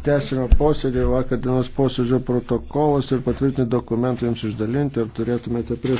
Tęsime posėdį, vakar dienos posėdžio protokolas ir patvirtinti dokumentai jums išdalinti, ar turėtumėte prieš.